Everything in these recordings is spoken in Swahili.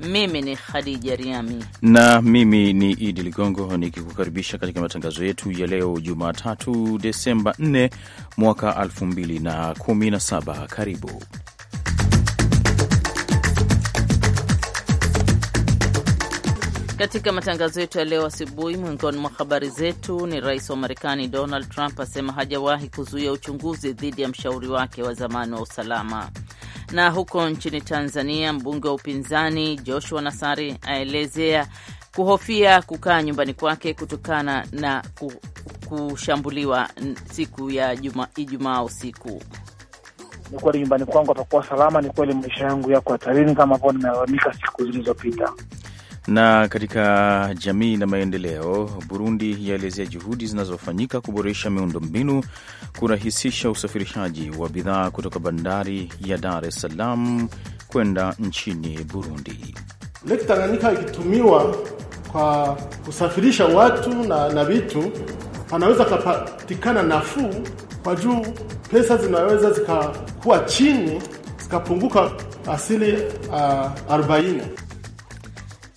mimi ni Khadija Riami na mimi ni Idi Ligongo nikikukaribisha katika matangazo yetu ya leo Jumatatu, Desemba 4 mwaka 2017. Karibu katika matangazo yetu ya leo asubuhi. Miongoni mwa habari zetu ni rais wa Marekani Donald Trump asema hajawahi kuzuia uchunguzi dhidi ya mshauri wake wa zamani wa usalama na huko nchini Tanzania, mbunge wa upinzani Joshua Nassari aelezea kuhofia kukaa nyumbani kwake kutokana na kushambuliwa siku ya Ijumaa usiku. Ni kweli nyumbani kwangu atakuwa salama? Ni kweli maisha yangu yako hatarini kama ambao nimelalamika siku zilizopita. Na katika jamii na maendeleo, Burundi yaelezea juhudi zinazofanyika kuboresha miundombinu kurahisisha usafirishaji wa bidhaa kutoka bandari ya Dar es Salaam kwenda nchini Burundi. Lake Tanganyika ikitumiwa kwa kusafirisha watu na, na vitu panaweza kapatikana nafuu kwa juu, pesa zinaweza zikakuwa chini zikapunguka asili uh, ah, 40.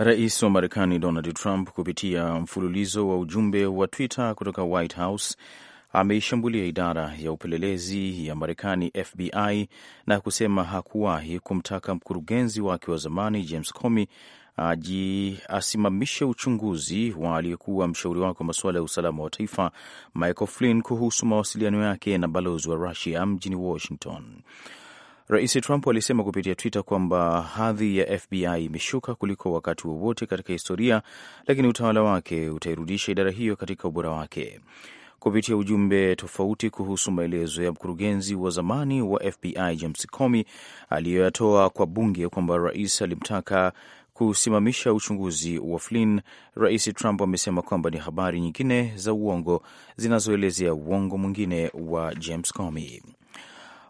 Rais wa Marekani Donald Trump kupitia mfululizo wa ujumbe wa Twitter kutoka White House ameishambulia idara ya upelelezi ya Marekani FBI na kusema hakuwahi kumtaka mkurugenzi wake wa zamani James Comey aji asimamishe uchunguzi wa aliyekuwa mshauri wake wa masuala ya usalama wa taifa Michael Flynn kuhusu mawasiliano yake na balozi wa Rusia mjini Washington. Rais Trump alisema kupitia Twitter kwamba hadhi ya FBI imeshuka kuliko wakati wowote katika historia, lakini utawala wake utairudisha idara hiyo katika ubora wake. Kupitia ujumbe tofauti kuhusu maelezo ya mkurugenzi wa zamani wa FBI James Comey aliyoyatoa kwa bunge kwamba rais alimtaka kusimamisha uchunguzi wa Flynn, Rais Trump amesema kwamba ni habari nyingine za uongo zinazoelezea uongo mwingine wa James Comey.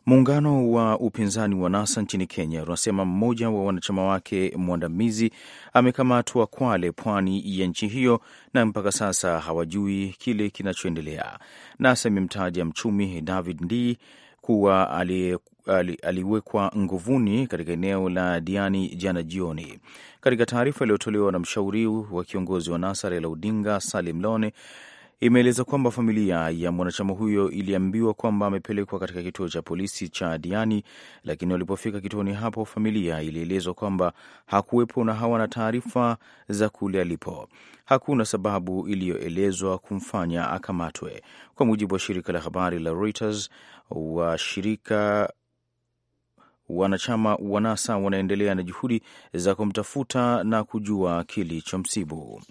Muungano wa upinzani wa NASA nchini Kenya unasema mmoja wa wanachama wake mwandamizi amekamatwa Kwale, pwani ya nchi hiyo, na mpaka sasa hawajui kile kinachoendelea. NASA imemtaja mchumi David Ndii kuwa ali, ali, aliwekwa nguvuni katika eneo la Diani jana jioni. Katika taarifa iliyotolewa na mshauri wa kiongozi wa NASA Raila Odinga, Salim Lone imeeleza kwamba familia ya mwanachama huyo iliambiwa kwamba amepelekwa katika kituo cha polisi cha Diani, lakini walipofika kituoni hapo, familia ilielezwa kwamba hakuwepo na hawana taarifa za kule alipo. Hakuna sababu iliyoelezwa kumfanya akamatwe, kwa mujibu wa shirika la habari la Reuters. Washirika wanachama wa NASA wanaendelea na juhudi za kumtafuta na kujua kilichomsibu.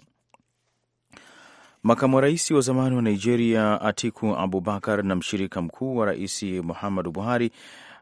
Makamu wa rais wa zamani wa Nigeria Atiku Abubakar na mshirika mkuu wa rais Muhammadu Buhari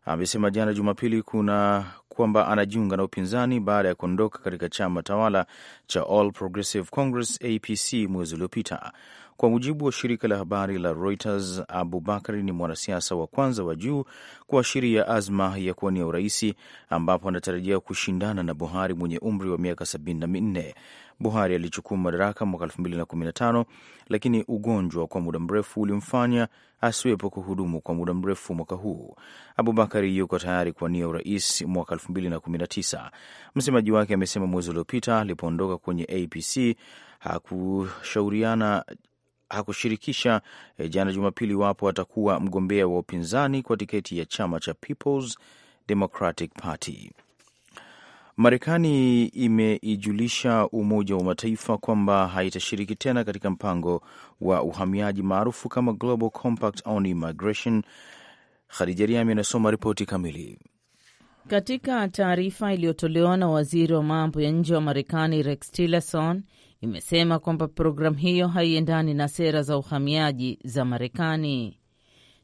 amesema jana Jumapili kuna kwamba anajiunga na upinzani baada ya kuondoka katika chama tawala cha All Progressive Congress APC mwezi uliopita. Kwa mujibu wa shirika la habari la Reuters, Abubakari ni mwanasiasa wa kwanza wa juu kuashiria azma ya kuwania uraisi, ambapo anatarajia kushindana na Buhari mwenye umri wa miaka 74. Buhari alichukua madaraka mwaka 2015 lakini ugonjwa kwa muda mrefu ulimfanya asiwepo kuhudumu kwa muda mrefu mwaka huu. Abubakari yuko tayari kuwania urais mwaka 2019. Msemaji wake amesema mwezi uliopita alipoondoka kwenye APC hakushauriana hakushirikisha e, jana Jumapili wapo atakuwa mgombea wa upinzani kwa tiketi ya chama cha Peoples Democratic Party. Marekani imeijulisha Umoja wa Mataifa kwamba haitashiriki tena katika mpango wa uhamiaji maarufu kama Global Compact on Immigration. Khadija Riami anasoma ripoti kamili. Katika taarifa iliyotolewa na waziri wa mambo ya nje wa Marekani Rex Tillerson, imesema kwamba programu hiyo haiendani na sera za uhamiaji za Marekani.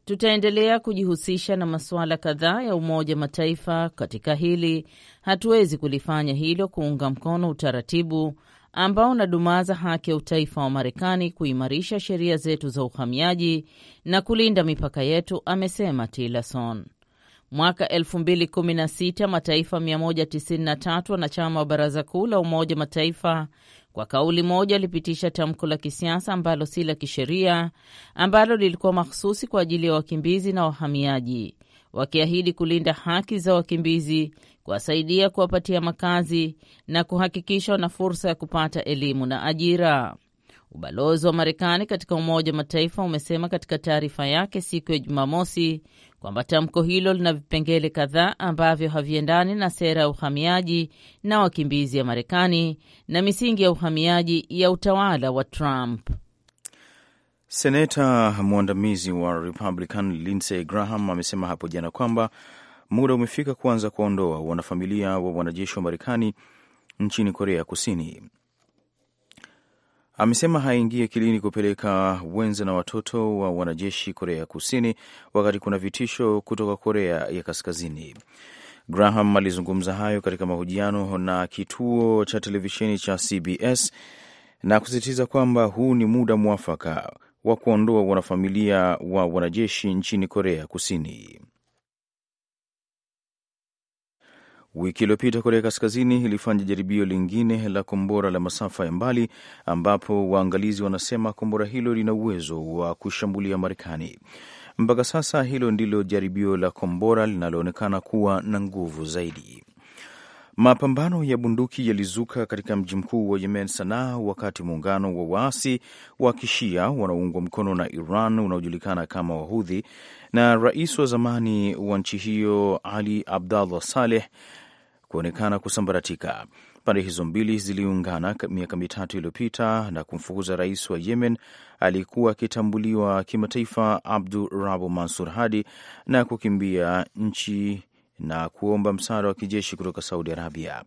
Tutaendelea kujihusisha na masuala kadhaa ya Umoja Mataifa katika hili. Hatuwezi kulifanya hilo kuunga mkono utaratibu ambao unadumaza haki ya utaifa wa Marekani, kuimarisha sheria zetu za uhamiaji na kulinda mipaka yetu, amesema Tillerson. Mwaka 2016 mataifa 193 wanachama wa baraza kuu la Umoja Mataifa kwa kauli moja alipitisha tamko la kisiasa ambalo si la kisheria ambalo lilikuwa makhususi kwa ajili ya wakimbizi na wahamiaji, wakiahidi kulinda haki za wakimbizi, kuwasaidia, kuwapatia makazi na kuhakikisha wana fursa ya kupata elimu na ajira. Ubalozi wa Marekani katika Umoja wa Mataifa umesema katika taarifa yake siku ya Jumamosi kwamba tamko hilo lina vipengele kadhaa ambavyo haviendani na sera ya uhamiaji na wakimbizi ya Marekani na misingi ya uhamiaji ya utawala wa Trump. Seneta mwandamizi wa Republican Lindsey Graham amesema hapo jana kwamba muda umefika kuanza kuwaondoa wanafamilia wa wanajeshi wa Marekani nchini Korea Kusini amesema haingie akilini kupeleka wenza na watoto wa wanajeshi Korea Kusini wakati kuna vitisho kutoka Korea ya Kaskazini. Graham alizungumza hayo katika mahojiano na kituo cha televisheni cha CBS na kusisitiza kwamba huu ni muda mwafaka wa kuondoa wanafamilia wa wanajeshi nchini Korea Kusini. Wiki iliyopita Korea Kaskazini ilifanya jaribio lingine la kombora la masafa ya mbali, ambapo waangalizi wanasema kombora hilo lina uwezo wa kushambulia Marekani. Mpaka sasa hilo ndilo jaribio la kombora linaloonekana kuwa na nguvu zaidi. Mapambano ya bunduki yalizuka katika mji mkuu wa Yemen, Sanaa, wakati muungano wa waasi wa kishia wanaoungwa mkono na Iran unaojulikana kama Wahudhi na rais wa zamani wa nchi hiyo Ali Abdallah Saleh kuonekana kusambaratika. Pande hizo mbili ziliungana miaka mitatu iliyopita na kumfukuza rais wa Yemen aliyekuwa akitambuliwa kimataifa Abdu Rabu Mansur Hadi na kukimbia nchi na kuomba msaada wa kijeshi kutoka Saudi Arabia.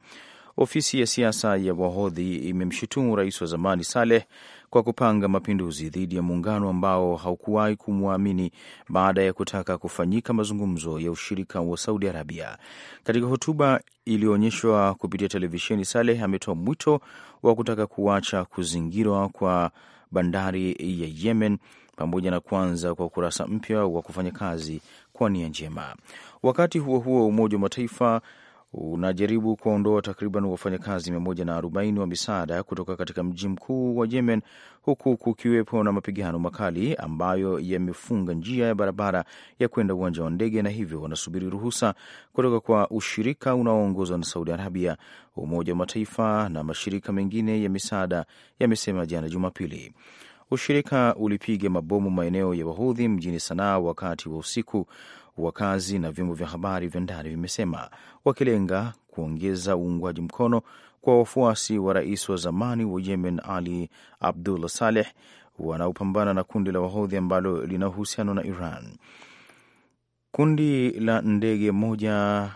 Ofisi ya siasa ya Wahodhi imemshutumu rais wa zamani Saleh kwa kupanga mapinduzi dhidi ya muungano ambao haukuwahi kumwamini baada ya kutaka kufanyika mazungumzo ya ushirika wa Saudi Arabia. Katika hotuba iliyoonyeshwa kupitia televisheni, Saleh ametoa mwito wa kutaka kuacha kuzingirwa kwa bandari ya Yemen pamoja na kuanza kwa ukurasa mpya wa kufanya kazi kwa nia njema. Wakati huo huo, Umoja wa Mataifa unajaribu kuwaondoa takriban wafanyakazi 140 wa misaada kutoka katika mji mkuu wa Yemen, huku kukiwepo na mapigano makali ambayo yamefunga njia ya barabara ya kwenda uwanja wa ndege, na hivyo wanasubiri ruhusa kutoka kwa ushirika unaoongozwa na Saudi Arabia. Umoja wa Mataifa na mashirika mengine ya misaada yamesema jana Jumapili. Ushirika ulipiga mabomu maeneo ya wahudhi mjini Sanaa wakati wa usiku, wakazi na vyombo vya habari vya ndani vimesema, wakilenga kuongeza uungwaji mkono kwa wafuasi wa rais wa zamani wa Yemen Ali Abdullah Saleh wanaopambana na kundi la wahodhi ambalo lina uhusiano na Iran. Kundi la ndege moja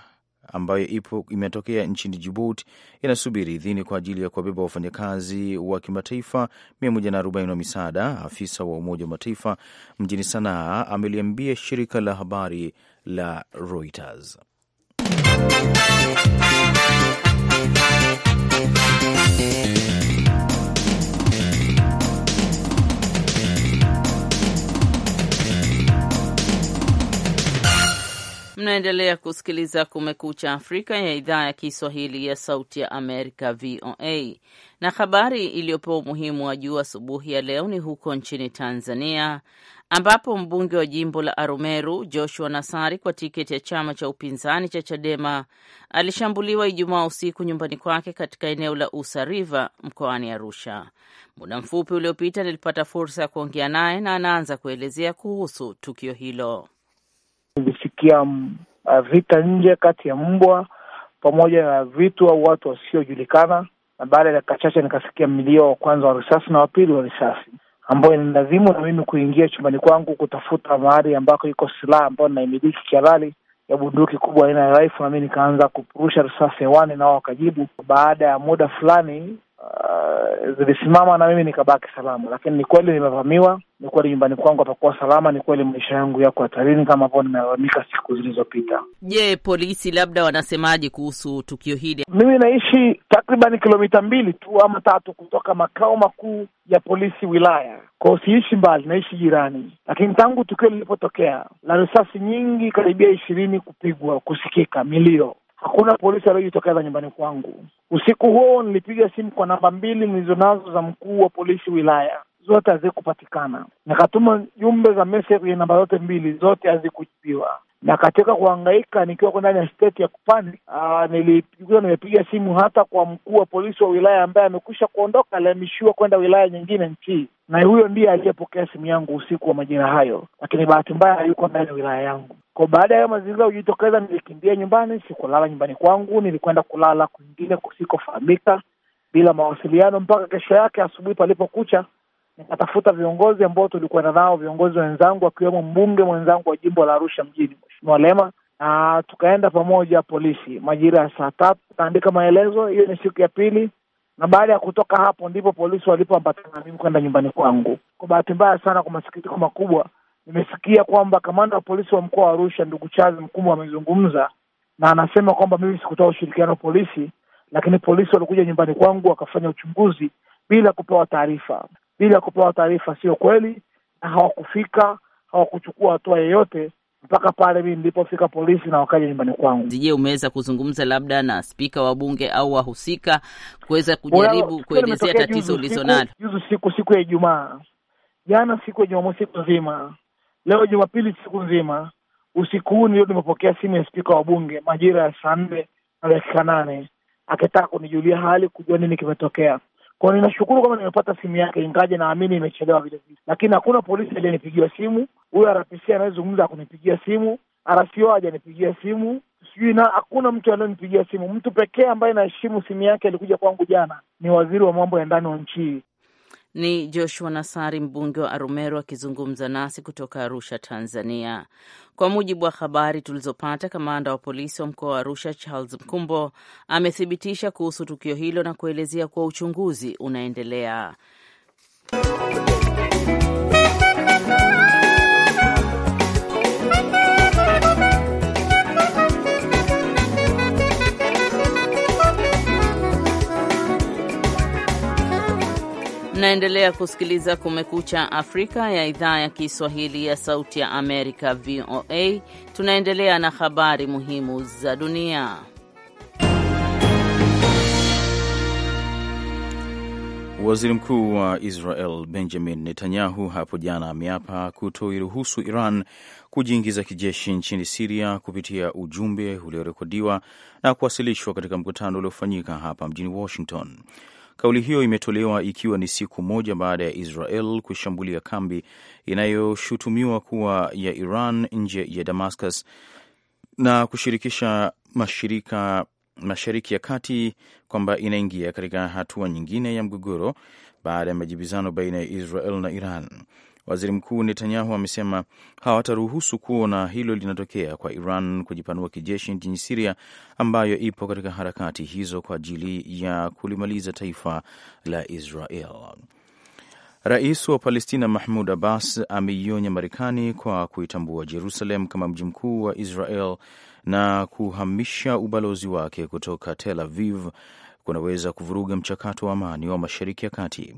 ambayo ipo imetokea nchini Jibuti inasubiri idhini kwa ajili ya kuwabeba wafanyakazi wa kimataifa 140 wa misaada. Afisa wa Umoja wa Mataifa mjini Sanaa ameliambia shirika la habari la Reuters. Mnaendelea kusikiliza Kumekucha Afrika ya idhaa ya Kiswahili ya Sauti ya Amerika, VOA. Na habari iliyopewa umuhimu wa juu asubuhi ya leo ni huko nchini Tanzania, ambapo mbunge wa jimbo la Arumeru Joshua Nassari kwa tiketi ya chama cha upinzani cha Chadema alishambuliwa Ijumaa usiku nyumbani kwake katika eneo la Usariva mkoani Arusha. Muda mfupi uliopita nilipata fursa ya kuongea naye na anaanza kuelezea kuhusu tukio hilo kusikia uh, vita nje kati ya mbwa pamoja na vitu au watu wasiojulikana, na baada ya dakika chache nikasikia mlio wa kwanza wa risasi na wa pili wa risasi, ambayo inanilazimu na mimi kuingia chumbani kwangu kutafuta mahali ambako iko silaha ambayo inaimiliki kihalali ya bunduki kubwa aina ya rifle, na mi nikaanza kupurusha risasi hewani, nao wakajibu. Baada ya muda fulani Uh, zilisimama na mimi nikabaki salama, lakini ni kweli nimevamiwa, ni kweli nyumbani kwangu hapakuwa salama, ni kweli maisha yangu yako hatarini kama ambavyo nimelalamika siku zilizopita. Je, polisi labda wanasemaje kuhusu tukio hili? Mimi naishi takriban kilomita mbili tu ama tatu kutoka makao makuu ya polisi wilaya kwao, siishi mbali, naishi jirani. Lakini tangu tukio lilipotokea la risasi nyingi karibia ishirini kupigwa, kusikika milio hakuna polisi aliyejitokeza nyumbani kwangu. Usiku huo nilipiga simu kwa namba mbili nilizonazo za mkuu wa polisi wilaya, zote hazikupatikana. Nikatuma jumbe za message kwenye namba zote mbili, zote hazikujibiwa na katika kuhangaika nikiwa ndani ya state ya Kupani, ah, nilikuwa nimepiga simu hata kwa mkuu wa polisi wa wilaya ambaye amekwisha kuondoka, alihamishiwa kwenda wilaya nyingine nchii na huyo ndiye aliyepokea simu yangu usiku wa majira hayo, lakini bahati mbaya hayuko ndani ya wilaya yangu. Kwa baada ya mazingira kujitokeza, nilikimbia nyumbani, sikulala nyumbani kwangu, nilikwenda kulala kwingine kusikofahamika bila mawasiliano mpaka kesho yake asubuhi palipokucha nikatafuta viongozi ambao tulikwenda nao, viongozi wenzangu akiwemo mbunge mwenzangu wa jimbo la Arusha mjini Mwalema na tukaenda pamoja polisi majira ya saa tatu, tukaandika maelezo. Hiyo ni siku ya pili, na baada ya kutoka hapo ndipo polisi walipoambatana mimi kwenda nyumbani kwangu. Kwa bahati mbaya sana, kwa masikitiko makubwa, nimesikia kwamba kamanda wa polisi wa mkoa wa Arusha ndugu Charles Mkumbo amezungumza na anasema kwamba mimi sikutoa ushirikiano wa polisi, lakini polisi walikuja nyumbani kwangu wakafanya uchunguzi bila kupewa taarifa. Bila kupewa taarifa sio kweli, na hawakufika, hawakuchukua hatua yeyote mpaka pale mimi nilipofika polisi na wakaja nyumbani kwangu. Je, umeweza kuzungumza labda na spika wa bunge au wahusika kuweza kujaribu kuelezea tatizo ulizonalo? Juzi siku siku ya Ijumaa, jana siku ya Jumamosi siku nzima, leo Jumapili siku nzima, usiku huu ndio nimepokea simu ya spika wa bunge majira ya saa nne na dakika nane akitaka kunijulia hali, kujua nini kimetokea. Kwa ninashukuru kama nimepata simu yake, ingaje naamini imechelewa vile vile, lakini hakuna polisi aliyenipigiwa simu huyo RPC anayezungumza akunipigia simu, RCO hajanipigia simu, sijui na hakuna mtu anayenipigia simu. Mtu pekee ambaye naheshimu simu yake alikuja kwangu jana ni waziri wa mambo ya ndani wa nchi hii. Ni Joshua Nassari, mbunge wa Arumeru, akizungumza nasi kutoka Arusha, Tanzania. Kwa mujibu wa habari tulizopata, kamanda wa polisi wa mkoa wa Arusha Charles Mkumbo amethibitisha kuhusu tukio hilo na kuelezea kuwa uchunguzi unaendelea. Mnaendelea kusikiliza Kumekucha Afrika ya idhaa ya Kiswahili ya Sauti ya Amerika, VOA. Tunaendelea na habari muhimu za dunia. Waziri Mkuu wa Israel Benjamin Netanyahu hapo jana ameapa kutoiruhusu Iran kujiingiza kijeshi nchini Siria kupitia ujumbe uliorekodiwa na kuwasilishwa katika mkutano uliofanyika hapa mjini Washington. Kauli hiyo imetolewa ikiwa ni siku moja baada ya Israel kushambulia kambi inayoshutumiwa kuwa ya Iran nje ya Damascus na kushirikisha mashirika Mashariki ya Kati kwamba inaingia katika hatua nyingine ya mgogoro baada ya majibizano baina ya Israel na Iran. Waziri Mkuu Netanyahu amesema hawataruhusu kuona hilo linatokea kwa Iran kujipanua kijeshi nchini Siria, ambayo ipo katika harakati hizo kwa ajili ya kulimaliza taifa la Israel. Rais wa Palestina Mahmud Abbas ameionya Marekani kwa kuitambua Jerusalem kama mji mkuu wa Israel na kuhamisha ubalozi wake kutoka Tel Aviv kunaweza kuvuruga mchakato wa amani wa Mashariki ya Kati.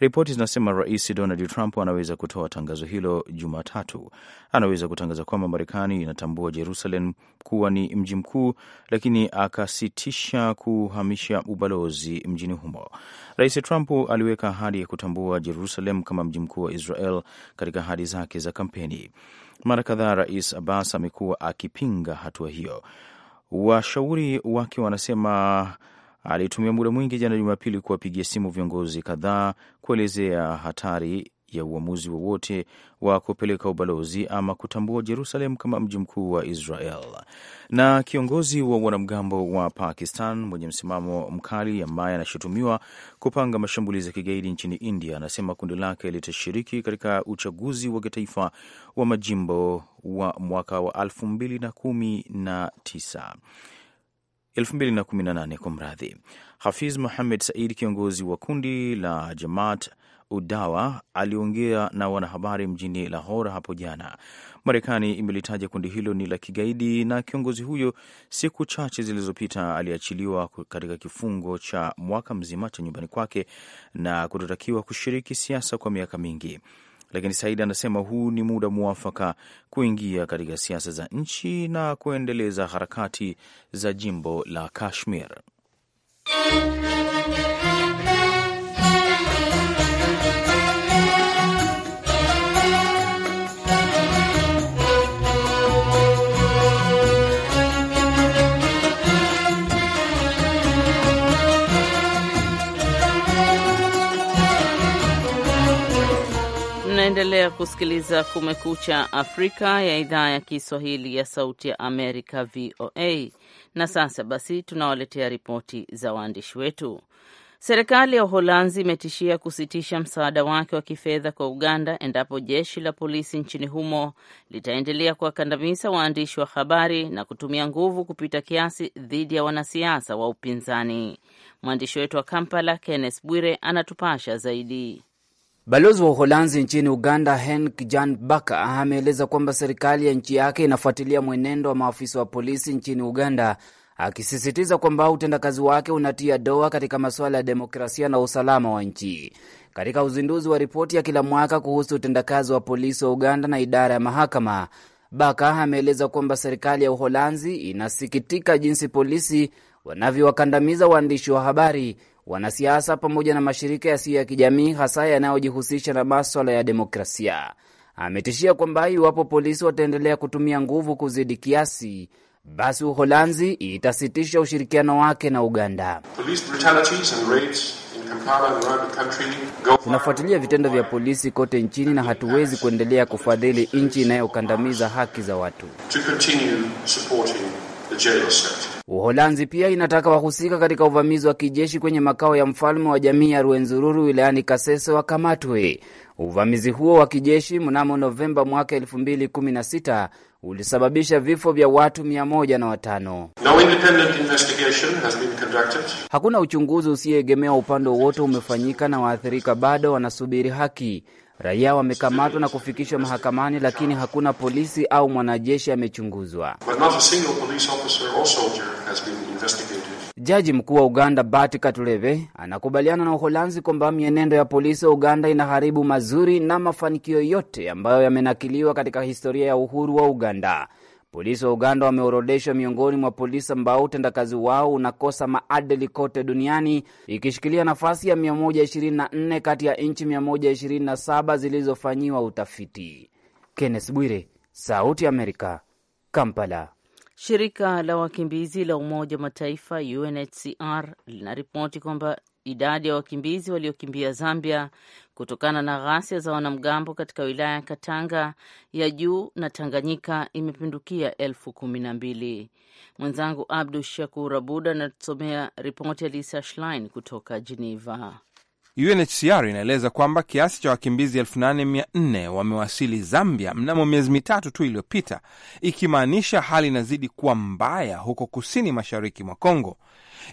Ripoti zinasema Rais Donald Trump anaweza kutoa tangazo hilo Jumatatu. Anaweza kutangaza kwamba Marekani inatambua Jerusalem kuwa ni mji mkuu, lakini akasitisha kuhamisha ubalozi mjini humo. Rais Trump aliweka ahadi ya kutambua Jerusalem kama mji mkuu wa Israel katika ahadi zake za kampeni. Mara kadhaa Rais Abbas amekuwa akipinga hatua hiyo. Washauri wake wanasema alitumia muda mwingi jana Jumapili kuwapigia simu viongozi kadhaa kuelezea hatari ya uamuzi wowote wa, wa kupeleka ubalozi ama kutambua Jerusalem kama mji mkuu wa Israel. Na kiongozi wa wanamgambo wa Pakistan mwenye msimamo mkali ambaye anashutumiwa kupanga mashambulizi ya kigaidi nchini India anasema kundi lake litashiriki katika uchaguzi wa kitaifa wa majimbo wa mwaka wa elfu mbili na kumi na tisa. 2018 kwa mradhi. Hafiz Muhamed Said, kiongozi wa kundi la Jamaat Udawa, aliongea na wanahabari mjini Lahore hapo jana. Marekani imelitaja kundi hilo ni la kigaidi, na kiongozi huyo siku chache zilizopita aliachiliwa katika kifungo cha mwaka mzima cha nyumbani kwake na kutotakiwa kushiriki siasa kwa miaka mingi lakini Said anasema huu ni muda mwafaka kuingia katika siasa za nchi na kuendeleza harakati za jimbo la Kashmir. Unaendelea kusikiliza Kumekucha Afrika ya idhaa ya Kiswahili ya Sauti ya Amerika, VOA. Na sasa basi, tunawaletea ripoti za waandishi wetu. Serikali ya Uholanzi imetishia kusitisha msaada wake wa kifedha kwa Uganda endapo jeshi la polisi nchini humo litaendelea kuwakandamiza waandishi wa habari na kutumia nguvu kupita kiasi dhidi ya wanasiasa wa upinzani. Mwandishi wetu wa Kampala, Kenneth Bwire, anatupasha zaidi. Balozi wa Uholanzi nchini Uganda, Henk Jan Baka, ameeleza kwamba serikali ya nchi yake inafuatilia mwenendo wa maafisa wa polisi nchini Uganda, akisisitiza kwamba utendakazi wake unatia doa katika masuala ya demokrasia na usalama wa nchi. Katika uzinduzi wa ripoti ya kila mwaka kuhusu utendakazi wa polisi wa Uganda na idara ya mahakama, Baka ameeleza kwamba serikali ya Uholanzi inasikitika jinsi polisi wanavyowakandamiza waandishi wa habari, wanasiasa, pamoja na mashirika yasiyo ya kijamii, hasa yanayojihusisha na maswala ya demokrasia. Ametishia kwamba iwapo polisi wataendelea kutumia nguvu kuzidi kiasi, basi Uholanzi itasitisha ushirikiano wake na Uganda. Tunafuatilia vitendo vya polisi kote nchini na hatuwezi kuendelea kufadhili nchi inayokandamiza haki za watu. Uholanzi pia inataka wahusika katika uvamizi wa kijeshi kwenye makao ya mfalme wa jamii ya Ruenzururu wilayani Kasese wakamatwe. Uvamizi huo wa kijeshi mnamo Novemba mwaka 2016 ulisababisha vifo vya watu 105. Hakuna uchunguzi usioegemea upande wowote umefanyika na waathirika bado wanasubiri haki. Raia wamekamatwa na kufikishwa mahakamani, lakini hakuna polisi au mwanajeshi amechunguzwa. Jaji mkuu wa Uganda Bart Katureve anakubaliana na Uholanzi kwamba mienendo ya polisi wa Uganda inaharibu mazuri na mafanikio yote ambayo yamenakiliwa katika historia ya uhuru wa Uganda. Polisi wa Uganda wameorodeshwa miongoni mwa polisi ambao utendakazi wao unakosa maadili kote duniani, ikishikilia nafasi ya 124 kati ya nchi 127 zilizofanyiwa utafiti. Kenneth Bwire, Sauti ya Amerika, Kampala. Shirika la wakimbizi la Umoja wa Mataifa UNHCR linaripoti kwamba idadi ya wakimbizi waliokimbia Zambia kutokana na ghasia za wanamgambo katika wilaya ya Katanga ya juu na Tanganyika imepindukia elfu kumi na mbili. Mwenzangu Abdu Shakur Abud anatusomea ripoti ya Lisa Schlein kutoka Geneva. UNHCR inaeleza kwamba kiasi cha wakimbizi 8400 wamewasili Zambia mnamo miezi mitatu tu iliyopita, ikimaanisha hali inazidi kuwa mbaya huko kusini mashariki mwa Kongo,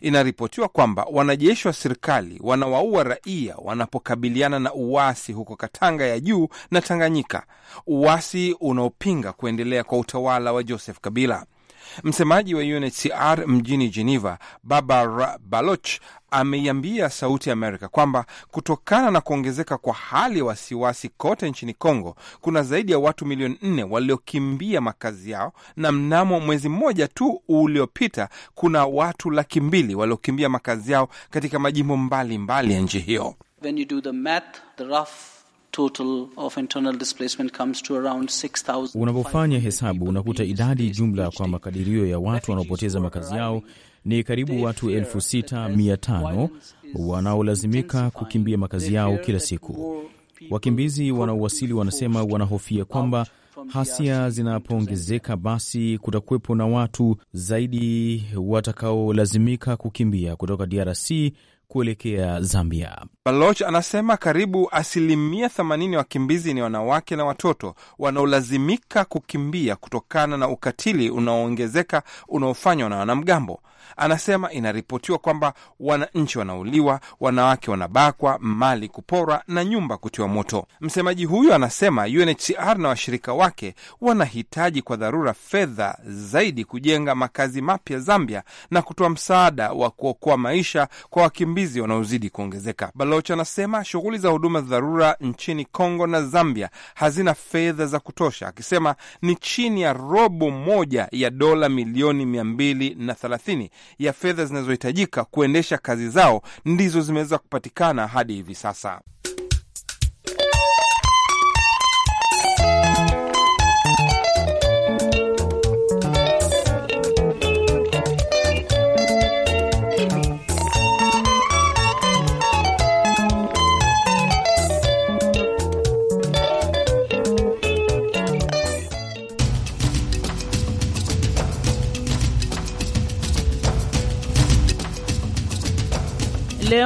inaripotiwa kwamba wanajeshi wa serikali wanawaua raia wanapokabiliana na uasi huko Katanga ya juu na Tanganyika, uasi unaopinga kuendelea kwa utawala wa Joseph Kabila. Msemaji wa UNHCR mjini Geneva, Babar Baloch, ameiambia Sauti ya Amerika kwamba kutokana na kuongezeka kwa hali ya wasiwasi kote nchini Kongo, kuna zaidi ya watu milioni nne waliokimbia makazi yao, na mnamo mwezi mmoja tu uliopita kuna watu laki mbili waliokimbia makazi yao katika majimbo mbalimbali ya nchi hiyo. When you do the math, the rough Unapofanya hesabu unakuta idadi jumla kwa makadirio ya watu wanaopoteza makazi yao ni karibu watu elfu sita mia tano wanaolazimika kukimbia makazi yao kila siku. Wakimbizi wanaowasili wanasema wanahofia kwamba hasia zinapoongezeka, basi kutakuwepo na watu zaidi watakaolazimika kukimbia kutoka DRC kuelekea Zambia. Baloch anasema karibu asilimia 80 wakimbizi ni wanawake na watoto wanaolazimika kukimbia kutokana na ukatili unaoongezeka unaofanywa na wanamgambo. Anasema inaripotiwa kwamba wananchi wanauliwa, wanawake wanabakwa, mali kuporwa na nyumba kutiwa moto. Msemaji huyo anasema UNHCR na washirika wake wanahitaji kwa dharura fedha zaidi kujenga makazi mapya Zambia na kutoa msaada wa kuokoa maisha kwa wakimbizi wakimbizi wanaozidi kuongezeka. Baloch anasema shughuli za huduma za dharura nchini Kongo na Zambia hazina fedha za kutosha, akisema ni chini ya robo moja ya dola milioni mia mbili na thelathini ya fedha zinazohitajika kuendesha kazi zao ndizo zimeweza kupatikana hadi hivi sasa.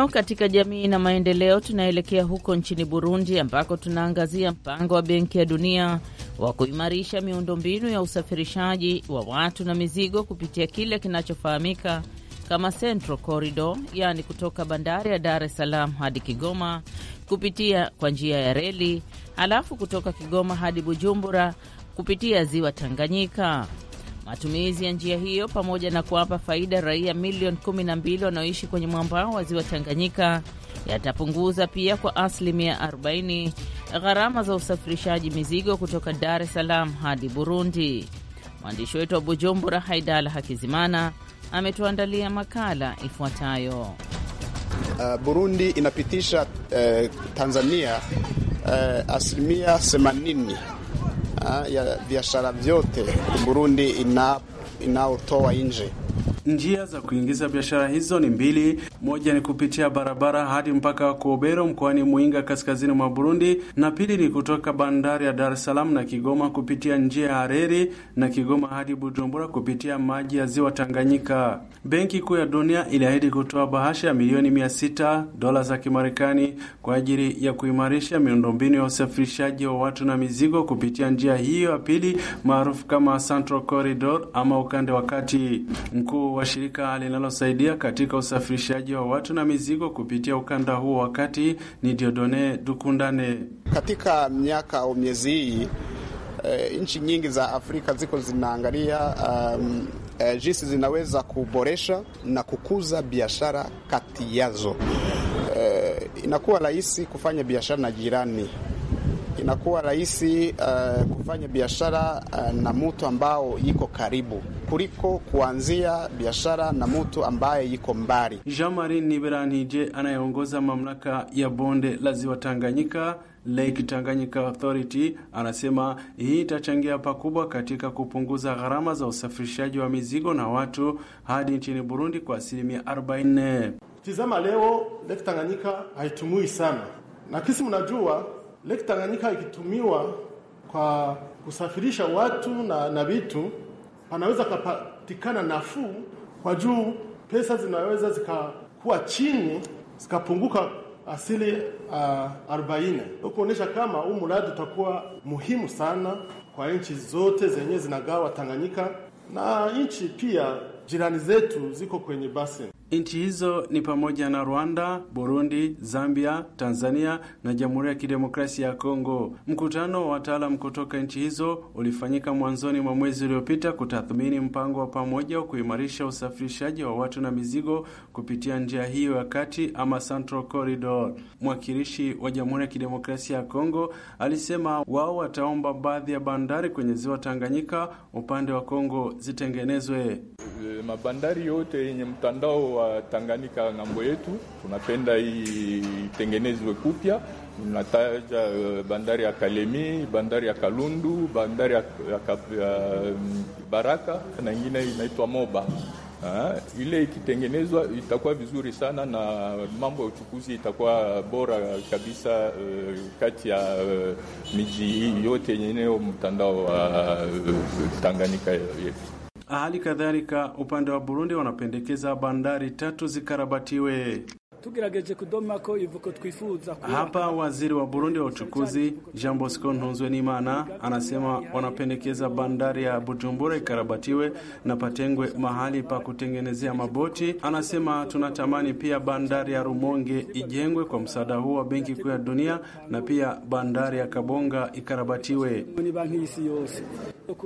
Leo katika jamii na maendeleo, tunaelekea huko nchini Burundi ambako tunaangazia mpango wa Benki ya Dunia wa kuimarisha miundombinu ya usafirishaji wa watu na mizigo kupitia kile kinachofahamika kama Central Corridor, yaani kutoka bandari ya Dar es Salaam hadi Kigoma kupitia kwa njia ya reli, halafu kutoka Kigoma hadi Bujumbura kupitia ziwa Tanganyika. Matumizi ya njia hiyo pamoja na kuwapa faida raia milioni 12 wanaoishi kwenye mwambao wa ziwa Tanganyika yatapunguza pia kwa asilimia 40 gharama za usafirishaji mizigo kutoka Dar es Salaam hadi Burundi. Mwandishi wetu wa Bujumbura, Haidala Hakizimana, ametuandalia makala ifuatayo. Uh, Burundi inapitisha uh, Tanzania uh, asilimia ya biashara vyote Burundi inaotoa ina nje Njia za kuingiza biashara hizo ni mbili, moja ni kupitia barabara hadi mpaka wa Kobero mkoani Muinga kaskazini mwa Burundi, na pili ni kutoka bandari ya Dar es Salaam na Kigoma kupitia njia ya areri na Kigoma hadi Bujumbura kupitia maji ya ziwa Tanganyika. Benki Kuu ya Dunia iliahidi kutoa bahasha ya milioni sita dola za Kimarekani kwa ajili ya kuimarisha miundombinu ya usafirishaji wa watu na mizigo kupitia njia hiyo ya pili maarufu kama Central Corridor ama ukande wa kati mkuu mkuu wa shirika linalosaidia katika usafirishaji wa watu na mizigo kupitia ukanda huo wakati ni Diodone Dukundane. Katika miaka au miezi hii eh, nchi nyingi za Afrika ziko zinaangalia um, eh, jinsi zinaweza kuboresha na kukuza biashara kati yazo. Eh, inakuwa rahisi kufanya biashara na jirani inakuwa rahisi uh, kufanya biashara uh, na mtu ambao iko karibu kuliko kuanzia biashara na mtu ambaye iko mbali. Jean Marie Niberantije anayeongoza mamlaka ya bonde la Ziwa Tanganyika Lake Tanganyika Authority anasema hii itachangia pakubwa katika kupunguza gharama za usafirishaji wa mizigo na watu hadi nchini Burundi kwa asilimia 40. Tizama leo Lake Tanganyika haitumui sana, na kisi mnajua lake Tanganyika ikitumiwa kwa kusafirisha watu na, na vitu panaweza kapatikana nafuu kwa juu pesa zinaweza zikakuwa chini zikapunguka asili uh, arobaini kuonyesha kama huu mradi utakuwa muhimu sana kwa nchi zote zenye zinagawa Tanganyika na nchi pia jirani zetu ziko kwenye basin. Nchi hizo ni pamoja na Rwanda, Burundi, Zambia, Tanzania na Jamhuri ya Kidemokrasia ya Kongo. Mkutano wa wataalam kutoka nchi hizo ulifanyika mwanzoni mwa mwezi uliopita kutathmini mpango wa pamoja wa kuimarisha usafirishaji wa watu na mizigo kupitia njia hiyo ya kati ama Central Corridor. Mwakilishi wa Jamhuri ya Kidemokrasia ya Kongo alisema wao wataomba baadhi ya bandari kwenye ziwa Tanganyika upande wa Kongo zitengenezwe. Eh, mabandari yote yenye mtandao wa Watanganyika ng'ambo yetu, tunapenda hii itengenezwe kupya. Tunataja eh, bandari ya Kalemi, bandari ya Kalundu, bandari ya, ya, ya mm, Baraka na ingine inaitwa Moba. Ha, ile ikitengenezwa itakuwa vizuri sana na mambo ya uchukuzi itakuwa bora kabisa uh, kati ya uh, miji hii yote yenyewe mtandao wa uh, Tanganyika yetu. Hali kadhalika upande wa Burundi wanapendekeza bandari tatu zikarabatiwe tugerageje kudoma ko ivuko twifuza. Hapa waziri wa Burundi wa uchukuzi Jean Bosco Ntunzwe Nimana anasema wanapendekeza bandari ya Bujumbura ikarabatiwe na patengwe mahali pa kutengenezea maboti. Anasema tunatamani pia bandari ya Rumonge ijengwe kwa msaada huo wa Benki Kuu ya Dunia na pia bandari ya Kabonga ikarabatiwe.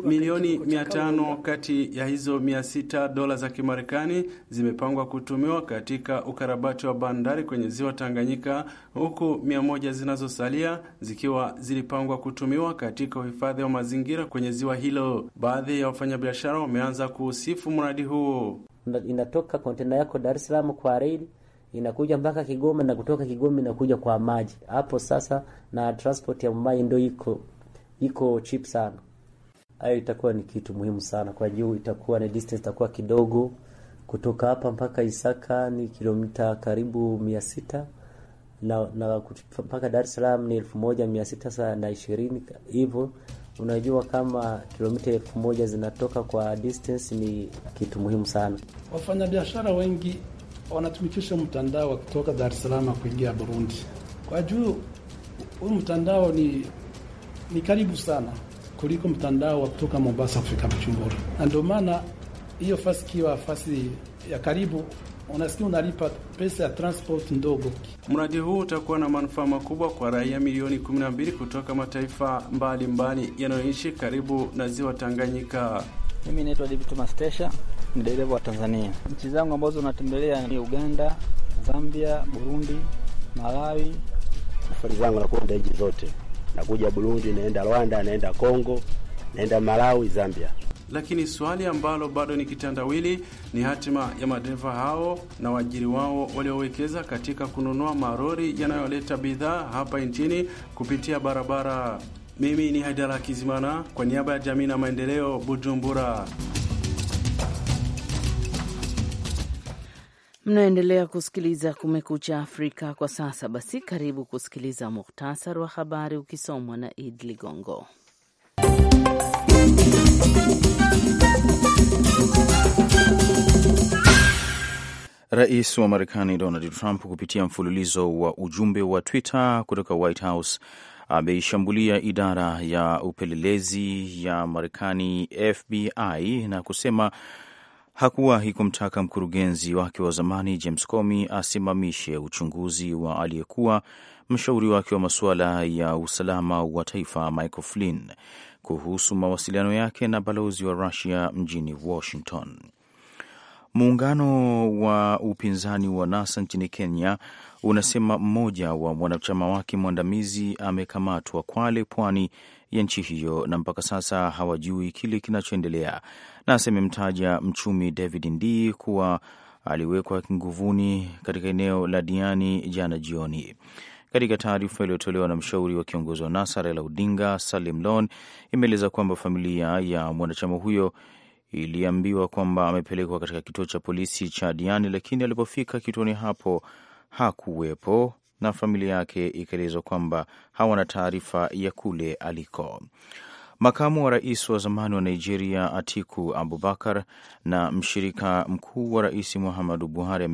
Milioni mia tano kati ya hizo mia sita dola za Kimarekani zimepangwa kutumiwa katika ukarabati wa bandari kwenye ziwa Tanganyika, huku mia moja zinazosalia zikiwa zilipangwa kutumiwa katika uhifadhi wa mazingira kwenye ziwa hilo. Baadhi ya wafanyabiashara wameanza kuusifu mradi huo. Inatoka kontena yako Dar es Salaam kwa reli inakuja mpaka Kigoma na kutoka Kigoma inakuja kwa maji hapo sasa, na transport ya maji ndo iko iko chip sana. Hayo itakuwa ni kitu muhimu sana kwa juu, itakuwa ni distance itakuwa kidogo kutoka hapa mpaka Isaka ni kilomita karibu mia sita na, na mpaka Dar es Salaam ni elfu moja mia sita na ishirini hivyo unajua kama kilomita elfu moja zinatoka kwa distance ni kitu muhimu sana. Wafanyabiashara wengi wanatumikisha mtandao kutoka Dar es Salaam kuingia Burundi, kwa juu huu mtandao ni, ni karibu sana kuliko mtandao wa kutoka Mombasa kufika Bujumbura, na ndio maana hiyo fasi kiwa fasi ya karibu, unasikia unalipa pesa ya transport ndogo. Mradi huu utakuwa na manufaa makubwa kwa raia milioni 12 kutoka mataifa mbalimbali yanayoishi karibu na ziwa Tanganyika. Mimi naitwa David Mastesha, Tesha, ni dereva wa Tanzania. Nchi zangu ambazo unatembelea ni Uganda, Zambia, Burundi, Malawi. Safari zangu nakwenda nchi zote, nakuja Burundi, naenda Rwanda, naenda Congo, naenda Malawi, Zambia lakini swali ambalo bado ni kitandawili ni hatima ya madereva hao na waajiri wao waliowekeza katika kununua marori yanayoleta bidhaa hapa nchini kupitia barabara. Mimi ni Haidara Kizimana kwa niaba ya jamii na maendeleo, Bujumbura. Mnaendelea kusikiliza Kumekucha Afrika kwa sasa. Basi karibu kusikiliza muhtasari wa habari ukisomwa na Id Ligongo. Rais wa Marekani Donald Trump kupitia mfululizo wa ujumbe wa Twitter kutoka White House ameishambulia idara ya upelelezi ya Marekani FBI na kusema hakuwahi kumtaka mkurugenzi wake wa zamani James Comey asimamishe uchunguzi wa aliyekuwa mshauri wake wa masuala ya usalama wa taifa Michael Flynn kuhusu mawasiliano yake na balozi wa Rusia mjini Washington. Muungano wa upinzani wa NASA nchini Kenya unasema mmoja wa mwanachama wake mwandamizi amekamatwa Kwale, pwani ya nchi hiyo, na mpaka sasa hawajui kile kinachoendelea. NASA imemtaja mchumi David Ndii kuwa aliwekwa nguvuni katika eneo la Diani jana jioni. Katika taarifa iliyotolewa na mshauri wa kiongozi wa NASA Raila Odinga, Salim Lon imeeleza kwamba familia ya mwanachama huyo iliambiwa kwamba amepelekwa katika kituo cha polisi cha Diani, lakini alipofika kituoni hapo hakuwepo na familia yake ikaelezwa kwamba hawana taarifa ya kule aliko. Makamu wa rais wa zamani wa Nigeria Atiku Abubakar na mshirika mkuu wa rais Muhammadu Buhari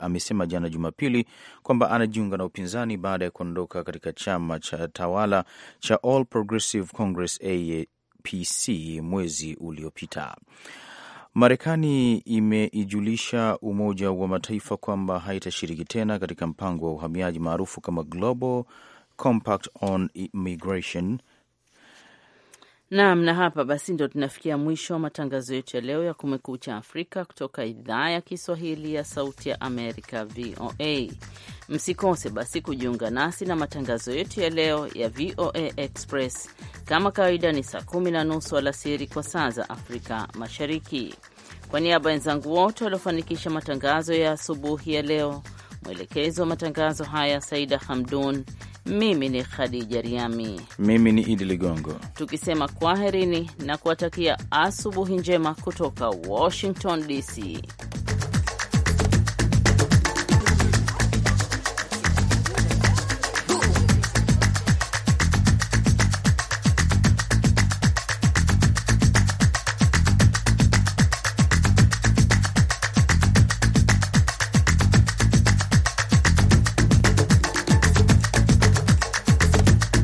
amesema jana Jumapili kwamba anajiunga na upinzani baada ya kuondoka katika chama cha tawala cha All Progressive Congress APC mwezi uliopita. Marekani imeijulisha Umoja wa Mataifa kwamba haitashiriki tena katika mpango wa uhamiaji maarufu kama Global Compact on Migration Naam, na hapa basi ndo tunafikia mwisho wa matangazo yetu ya leo ya Kumekucha Afrika kutoka idhaa ya Kiswahili ya Sauti ya Amerika, VOA. Msikose basi kujiunga nasi na matangazo yetu ya leo ya VOA Express kama kawaida, ni saa kumi na nusu alasiri kwa saa za Afrika Mashariki. Kwa niaba ya wenzangu wote waliofanikisha matangazo ya asubuhi ya leo, mwelekezi wa matangazo haya Saida Hamdun, mimi ni Khadija Riami, mimi ni Idi Ligongo, tukisema kwaherini na kuwatakia asubuhi njema kutoka Washington DC.